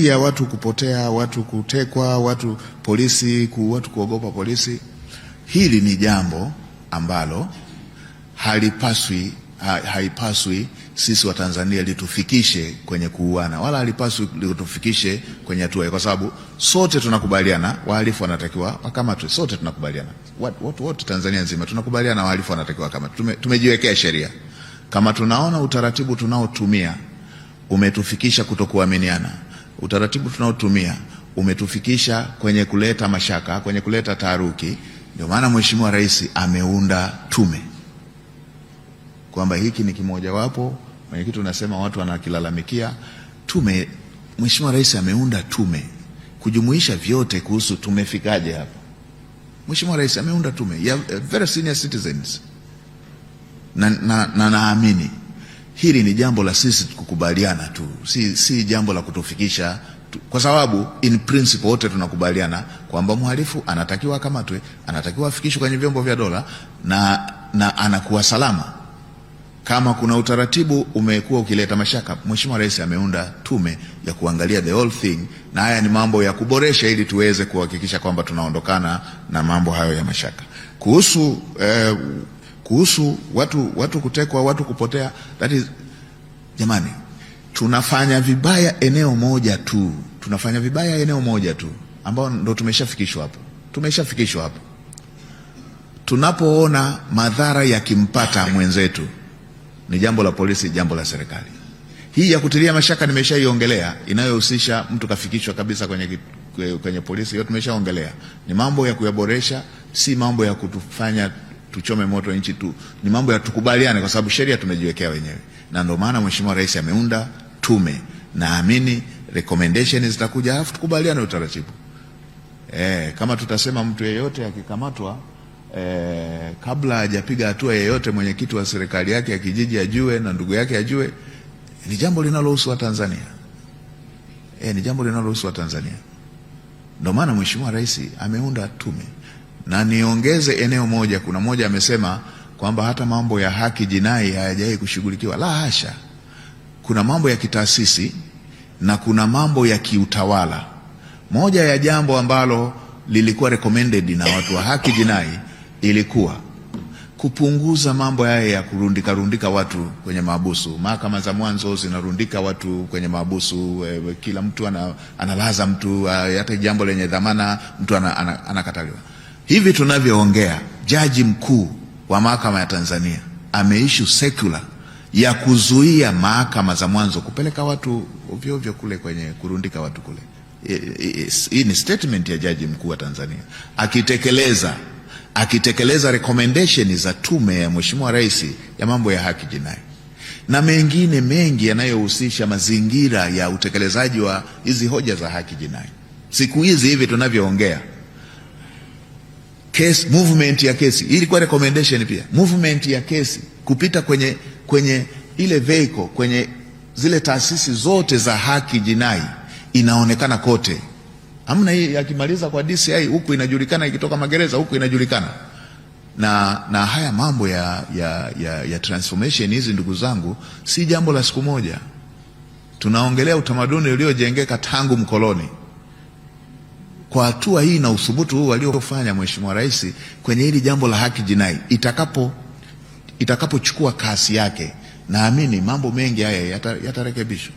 hii ya watu kupotea, watu kutekwa, watu polisi ku, watu kuogopa polisi, hili ni jambo ambalo halipaswi ha, haipaswi sisi wa Tanzania litufikishe kwenye kuuana, wala halipaswi litufikishe kwenye hatua, kwa sababu sote tunakubaliana wahalifu wanatakiwa wakamatwe. Sote tunakubaliana watu wote Tanzania nzima tunakubaliana wahalifu wanatakiwa wakamatwe. Tumejiwekea sheria. Kama tunaona utaratibu tunaotumia umetufikisha kutokuaminiana utaratibu tunaotumia umetufikisha kwenye kuleta mashaka, kwenye kuleta taharuki. Ndio maana Mheshimiwa Rais ameunda tume kwamba hiki ni kimojawapo. Mwenyekiti, unasema watu wanakilalamikia tume. Mheshimiwa Rais ameunda tume kujumuisha vyote kuhusu tumefikaje hapa. Mheshimiwa Rais ameunda tume ya eh, very senior citizens na naamini na, na, hili ni jambo la sisi kukubaliana tu, si, si jambo la kutufikisha tu, kwa sababu in principle wote tunakubaliana kwamba mhalifu anatakiwa akamatwe, anatakiwa afikishwe kwenye vyombo vya dola na, na anakuwa salama. Kama kuna utaratibu umekuwa ukileta mashaka, Mheshimiwa Rais ameunda tume ya kuangalia the whole thing, na haya ni mambo ya kuboresha ili tuweze kuhakikisha kwamba tunaondokana na mambo hayo ya mashaka kuhusu eh, kuhusu watu, watu kutekwa, watu kupotea, that is, jamani, tunafanya vibaya eneo moja tu, tunafanya vibaya eneo moja tu, ambao ndo tumeshafikishwa hapo, tumeshafikishwa hapo. Tunapoona madhara yakimpata mwenzetu, ni jambo la polisi, jambo la serikali. Hii ya kutilia mashaka nimeshaiongelea, inayohusisha mtu kafikishwa kabisa kwenye, kwenye polisi, hiyo tumeshaongelea. Ni mambo ya kuyaboresha, si mambo ya kutufanya tuchome moto nchi tu, ni mambo ya tukubaliane, kwa sababu sheria tumejiwekea wenyewe, na ndio maana Mheshimiwa Rais ameunda tume. Naamini recommendation zitakuja, alafu tukubaliane utaratibu e, kama tutasema mtu yeyote akikamatwa e, kabla hajapiga hatua yeyote mwenyekiti wa serikali yake ya kijiji ajue na ndugu yake ajue, ni jambo linalohusu Watanzania e, ni jambo linalohusu Watanzania. Ndio maana Mheshimiwa Rais ameunda tume. Na niongeze eneo moja, kuna moja amesema kwamba hata mambo ya haki jinai hayajai kushughulikiwa. La hasha, kuna mambo ya kitaasisi na kuna mambo ya kiutawala. Moja ya jambo ambalo lilikuwa recommended na watu wa haki jinai ilikuwa kupunguza mambo haya ya kurundika rundika watu kwenye maabusu. Mahakama za mwanzo zinarundika watu kwenye maabusu, eh, kila mtu ana, analaza mtu, eh, hata jambo lenye dhamana mtu anakataliwa ana, ana Hivi tunavyoongea jaji mkuu wa mahakama ya Tanzania ameishu sekula ya kuzuia mahakama za mwanzo kupeleka watu ovyo ovyo kule kwenye kurundika watu kule. Hii ni statement ya jaji mkuu wa Tanzania akitekeleza akitekeleza recommendation za tume ya Mheshimiwa Rais ya mambo ya haki jinai na mengine mengi yanayohusisha mazingira ya utekelezaji wa hizi hoja za haki jinai. Siku hizi hivi tunavyoongea Case, movement ya kesi hii ilikuwa recommendation pia. Movement ya kesi kupita kwenye, kwenye ile vehicle kwenye zile taasisi zote za haki jinai inaonekana kote, amna hii akimaliza kwa DCI huku inajulikana, ikitoka magereza huku inajulikana na, na haya mambo ya, ya, ya, ya transformation hizi, ndugu zangu, si jambo la siku moja. Tunaongelea utamaduni uliojengeka tangu mkoloni kwa hatua hii na uthubutu huu waliofanya Mheshimiwa Rais kwenye hili jambo la haki jinai, itakapo itakapochukua kasi yake, naamini mambo mengi haya yatarekebishwa.